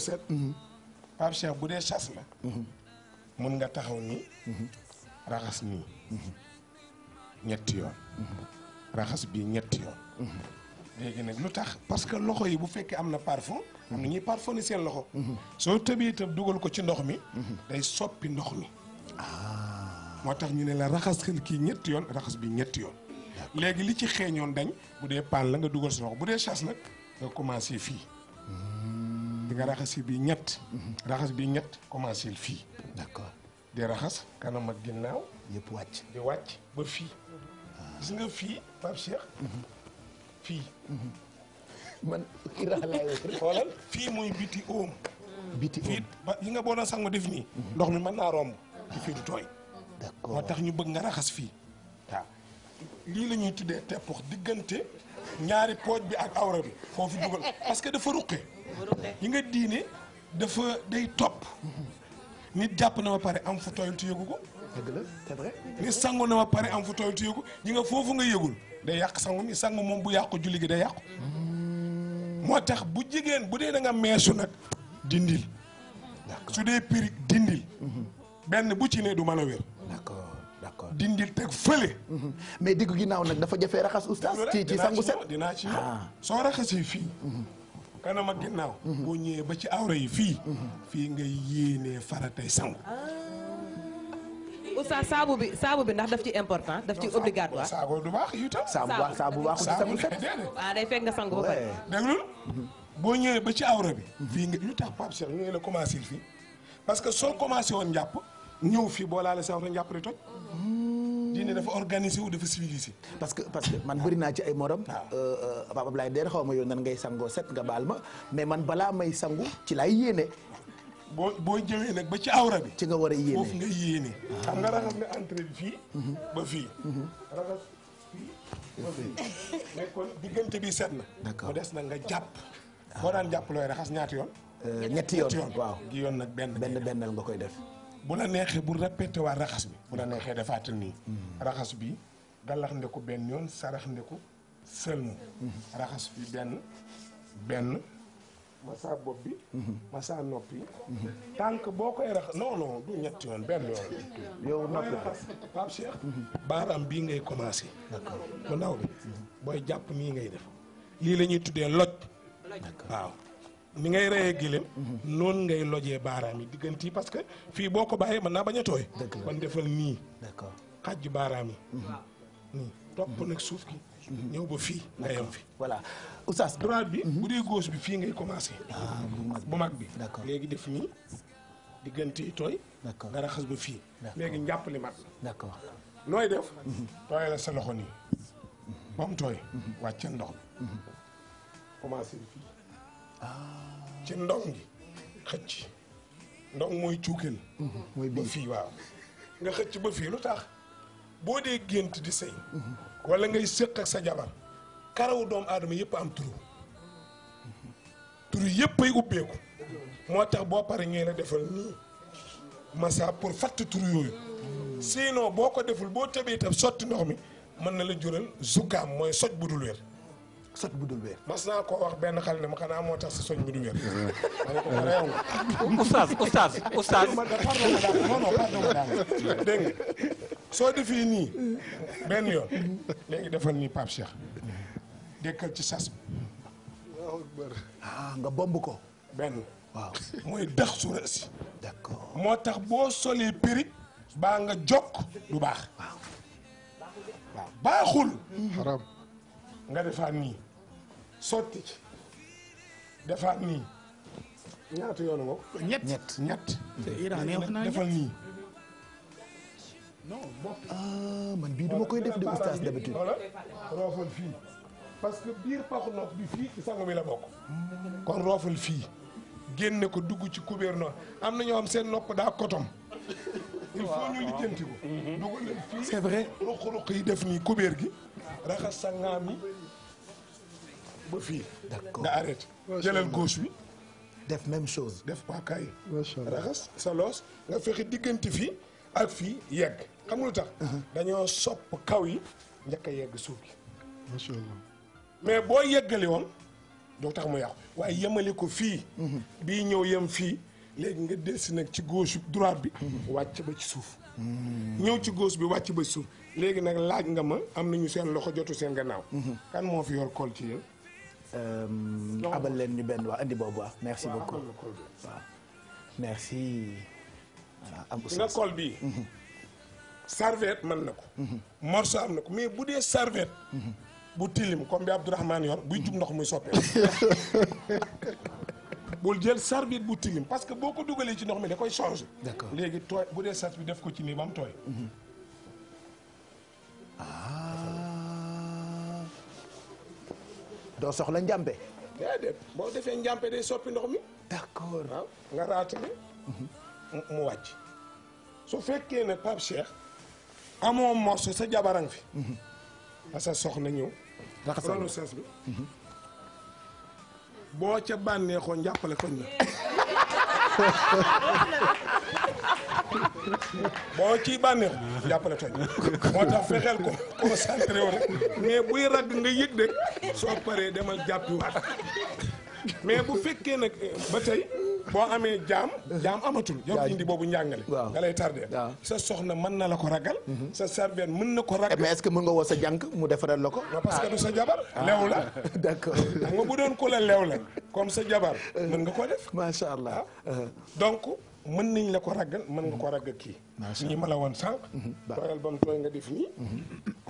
set mm-hmm. Pape Cheikh bu dee chasse la mm-hmm. mun nga taxaw ni mm-hmm. raxas nii ñetti yoon raxas bii ñetti yoon léegi nag lu tax parce que loxo yi bu fekkee am na parfum am na ñuy ni seen loxo soo tëbee dugal ko ci ndox mi day soppi ndox mi ah. moo tax ñu ne la raxasal kii ñetti yoon raxas bii ñetti yoon léegi li ci xeeñoon dañ bu dee paan la nga dugal sa loxo bu dee chasse nag nga commencé fii di nga raxas si bii ñett. Mhm. raxas bii ñett commencé fii. d'accord di raxas kanam ak ginnaaw. yëpp wàcc di wàcc ba fii. Ah. gis nga fii Pape Cheikh. Mhm. fii. Mhm. man Kira laay xoolal fii mooy biti oom. biti oom fii ba yi nga boola doon def nii. ndox mi mën naa romb. ci fii du tooy. d'accord tax ñu bëgg nga raxas fii. waaw lii la ñuy tuddee diggante. ñaari pooj bi ak awra bi foofu dugal parce que dafa ruqe yi nga diine dafa day topp nit jàpp na ma pare am fu tooyul te yëgu ko dëgg la nit sangu na ma pare am fu tooyul te yëgu ñi nga foofu nga yëgul day yàq sangu mi sangu moom bu yàqu julli gi day yàqu moo tax bu jigéen bu dee da nga meesu nag dindil su dee pirig dindil benn bu ci ne du mën a wér dindil teg fële. Mm-hmm. mais digg diggu ginnaaw nag dafa jafee raxas oustaz. ci ci sangu set dinaa ci ah. soo raxasee fii. Mm-hmm. kanam gi naaw mm-hmm. boo ñëwee ba ci awra yi fii. fii ngay yéenee faratay sangu. Ah. oustaz saabu bi saabu bi ndax daf ci important daf ci obligatoire. saabu du baax itam. saabu saabu baaxul ci sangu set. waaw ah, day fekk nga sangu ba pare. boo ñëwee ba ci awra bi. fii nga lu tax Pape Cheikh ñëwee la commencé fii parce que soo commencé woon njàpp ñëw fii boo laale sa awra njàpp toj. ne dafa organisé wu dafa civilisé. parce que parce que man bëri naa ci ay morom. waaw ah. euh, Pape Ablaye xaw ma yow nan ngay sangoo set nga baal ma mais man balaa may sangu ci laay yéene. boo boo jëwee nag ba ci aw bi. ci nga war a yéene foofu nga ah. xam nga raxas bi fii. Mhm. fii. Mhm. raxas fii diggante bi set na. d'accord des na nga jàpp. Ah. boo daan jàpp looy raxas ñaati yoon. Euh, ñetti yoon ñetti waaw. gi yoon nag benn benn bennal nga koy def. bu la neexee bu répété waa raxas bi bu la neexee defaatal nii hmm. raxas bi galax ndeku benn yoon sarax sëlmu hmm. raxas bi benn benn massa bopp bi hmm. massa noppi tànk boo koy raxas non du ñetti yoon benn yoon yow baaraam bii ngay commencé d'accord bu ndaw bi booy jàpp nii ngay def lii la ñuy tuddee loj ni ngay reyee gilem noonu ngay lojee baaraam yi diggante yi parce que fii boo ko bàyyee mën naa bañ a tooy kon defal nii xajj baaraam yi mhm. nii topp nag suuf mhm. ñëw ba fii nga yem fi voilà oustaz droite bi mhm. bu dee gauche bi fii ngay commencé ah, bu mag bi léegi def nii diggante yi tooy nga ba fii léegi njàpp li mat nooy def tooyal sa loxo nii ba mu tooy wàcce ndox bi ci ndong gi xëcc ndong mooy cuukil mooy ba fii waaw nga xëcc ba fii lu tax boo dee gént di sëy wala ngay séq ak sa jabar karawu doomu aadama yëpp am turu turu yëpp ay ubbeeku moo tax boo paree ñuy la defal nii massa pour fatt turu yooyu sinon boo ko deful boo tebee itam sotti ndox mi mën na la jural zukkaam mooy soj bu dul wér sot bu dul wér. mas naa ko wax benn xale ne ma xanaa moo tax sa soñ bu dul wér. ma ne ko soo defee nii benn yoon léegi defal nii Pape Cheikh dëkkal ci sas ah nga bomb ko. benn mooy dax su rësi. moo tax boo solee péri baa nga jokk du baax. baaxul. nga defaat nii sotti ci defaat nii ñaata yoonu nga ko. ñett ñett ñett. defal nii. ah man bii duma koy def de oustaz d'habitude. voilà roofal fii parce que biir paxu nopp bi fii ci sangu bi bokk. Mm. kon roofal fii génne ko dugg ci kubéer noonu am na ñoo seen nopp daa kotom. il faut ñu lijjanti ko. Mm-hmm. dugal leen fii. c'est vrai def nii kubéer gi. raxas sa ngaam ba fii. d'accord nga arrêté. jëlal gauche bi. def même chose. def ko kaay. macha allah raxas sa loos nga fexe diggante fii ak fii yegg xam nga tax. Uh-huh. dañoo sopp kaw yi njëkk yegg suuf gi. mais boo yeggali woon doo tax mu yàqu waaye yemale ko fii. Uh-huh. bii ñëw yem fii. léegi nga delsi nag ci gauche droite bi uh-huh. wàcc ba ci suuf hmm. ñëw ci gauche bi wàcc ba ci suuf léegi nag laaj nga ma am na ñu seen loxo jotu seen gannaaw kan moo fi yor kool Euh, abal leen ñu benn waa indi boobu waa merci beaucoup waaw merci voilà am nga col bii mhm. serviette man na ko mhm. morceau am na ko mais bu dee serviette mhm. bu tilim comme bi Abdourahmane yor buy jug ndox muy soppee bul jël serviette bu tilim parce que boo ko dugalee ci ndox mi da koy change d'accord léegi tooy bu dee sas bi def ko ci nii ba mu tooy doo soxla njàmpe. déedéet boo defee njàmpe day soppi ndox mi. d'accord waaw nga raatale. Mhm. mu wàcc. su fekkee ne Pape Cheikh. amoo morso sa jabarang fi. parce mhm. que soxna ñëw. raxasal ronu sens bi. Mhm. boo ca bànnee ko njàppale koñ la. boo ciy bànneex jàppale tooñ moo tax fexeel ko concentré wu rek mais buy ragg nga yëg de soo paree demal jàppiwaat mais bu fekkee nag ba tey boo amee jaam jaam amatul yow indi boobu njàngale nga lay tardé sa soxna mën na la ko ragal mhm. sa serviette mën na ko ragal eh, mais est-ce que mën nga woo sa jànk mu defaral la ko non du sa jabar ah. lew la d'accord xam nga bu doon ku la lew la sa jabar euh. mën nga ko def macha allah ah. euh. donc mën nañ la ko raggal mën nga ko ragg kii. nii ma la woon sànq. Mhm. tooyal ba mu tooy nga def nii.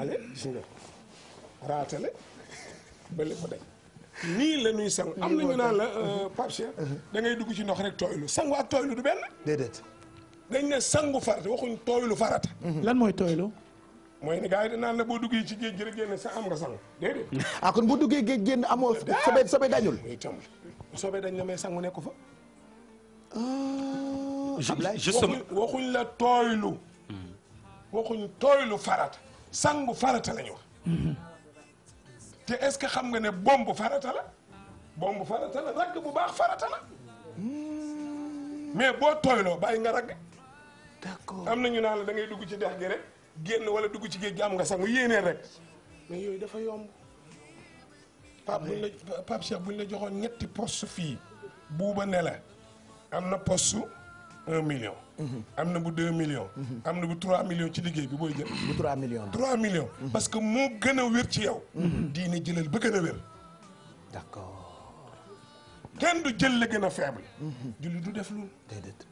ale gis nga raatale ba lépp dañ. nii la ñuy sang am nañu naan la euh, Pape mhm. dangay dugg ci ndox rek tooylu sangu ak tooylu du benn. déedéet. dañ ne sangu farata waxuñ tooylu farata. Mhm. lan mooy tooylu. mooy ne gars yi naan la boo duggee ci géej gi rek génn sa am nga sang déedéet. ah kon bu duggee géej génn amoo. sobe sobe dañul. muy dañ ne mais sangu nekku fa. Ah. justement waxuñ la tooylu waxuñu tooylu farata sangu farata lañu wax te est-ce que xam nga ne bomb farata la bomb farata la ragg bu baax farata la mais boo tooyloo bàyyi nga ragg am na ñu naan la da ngay dugg ci dex gi rek génn wala dugg ci géej gi am nga sangu yéeneen rek mais yooyu dafa yomb Pape buñ la la joxoon ñetti poste fii buuba ne la am na poste un million. am na bu deux millions. am na bu trois millions ci liggéey bi booy jël. bu trois millions trois millions. parce que moo gën a wér ci yow. diine jëlal ba gën a wér. d'accord. kenn du jël la gën a faible. julli def loolu. déedéet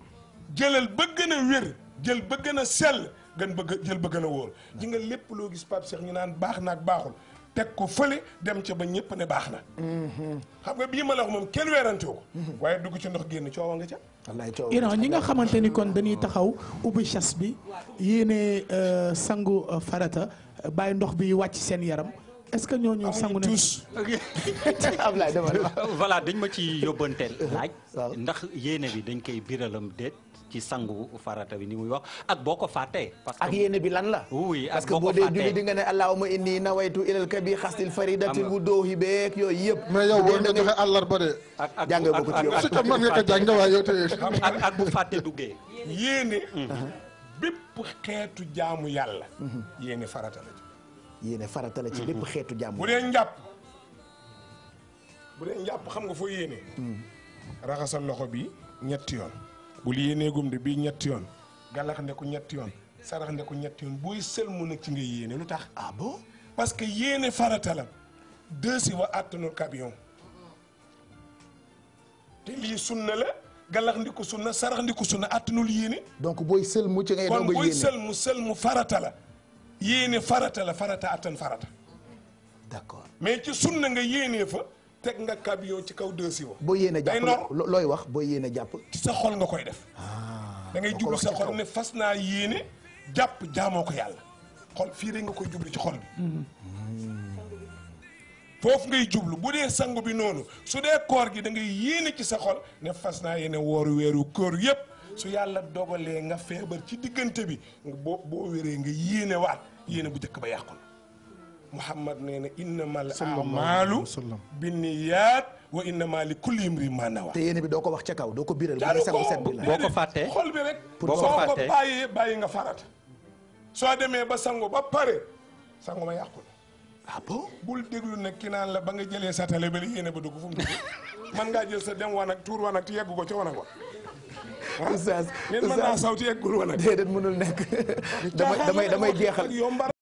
jëlal ba gën a wér jël ba gën a sell gën bëgg jël ba gën a wóor. ji nga lépp loo gis Pape ñu naan baax na baaxul teg ko fële dem ca ba ñëpp ne baax na. xam nga bii ma la moom kenn weerante ko. waaye dugg ci ndox génn coowa nga ca. wallaay coowa Iran ñi nga xamante ni kon dañuy taxaw ubbi chasse bi yéene euh, sangu euh, farata bàyyi ndox bi wàcc seen yaram. est-ce que ñooñu sangu nañu Ablaye dama voilà dañ ma ci yóbbanteel laaj ndax yéene bi dañ koy biralam déet ci sangu farata bi ni muy wax ak boo ko fàttee. parce que ak yéene bi lan la. oui parce que boo dee julli di nga ne allahumma inni nawaytu ilal kabi xastil faridati wudoohi beek yooyu yëpp. mais yow boo nga joxe àllarba de. ak ak ko ci duggee. yéene. Uh-huh. bépp xeetu jaamu yàlla. Uh-huh. yéene farata ci. bépp uh-huh. xeetu jaamu. bu dee njàpp bu xam nga foo yéene. raxasal loxo bi ñetti yoon. bul yéenee gum de bii ñetti yoon galax ñetti yoon sarax ñetti yoon booy mu nag ci nga yéene lu tax ah bon parce que yéene farata la deux si wa àttanul camion te lii sunna la galax ndiku sunna sarax ndiku sunna àttanul yéene donc booy sëlmu mu ngay mu a yéene kon booy sëlmu sëlmu farata la yéene farata la farata àttan farata mais ci sunna nga yéenee fa teg nga yow ci kaw deux siwo boo yéene jàpp looy wax boo yéene jàpp ci sa xol nga koy def ah, dangay ngay jublu sa xol ne fas naa yéene jàpp jaamoo ko yàlla xol fii rek nga koy jublu ci xol bi mm-hmm. foofu ngay jublu bu dee sangu bi noonu su dee koor gi da ngay yéene ci sa xol ne fas naa yéene wooru weeru koor yépp su yàlla dogalee nga feebar ci diggante bi boo boo wéree nga yéene waat yéene bu njëkk ba yàqul Muhammad nee na a a'maalu binniyaat wa innamaa li kulli imri'in maa nawaa. te yéene bi doo ko wax ca kaw doo ko biral. jaadu ko boo ko fàttee xol bi rek. boo ko fàttee soo ko bàyyee bàyyi nga farata. soo demee ba sangu ba pare sangu ma yàqu la. ah bul déglu ne ki naan la ba nga jëlee sa tale ba yéene ba dugg fu man ngaa jël sa dem wanag tuur wanag te yeggu ko ca wanag wa. oustaz oustaz mën naa saw te yeggul wanag. déedéet mënul nekk damay damay damay jeexal.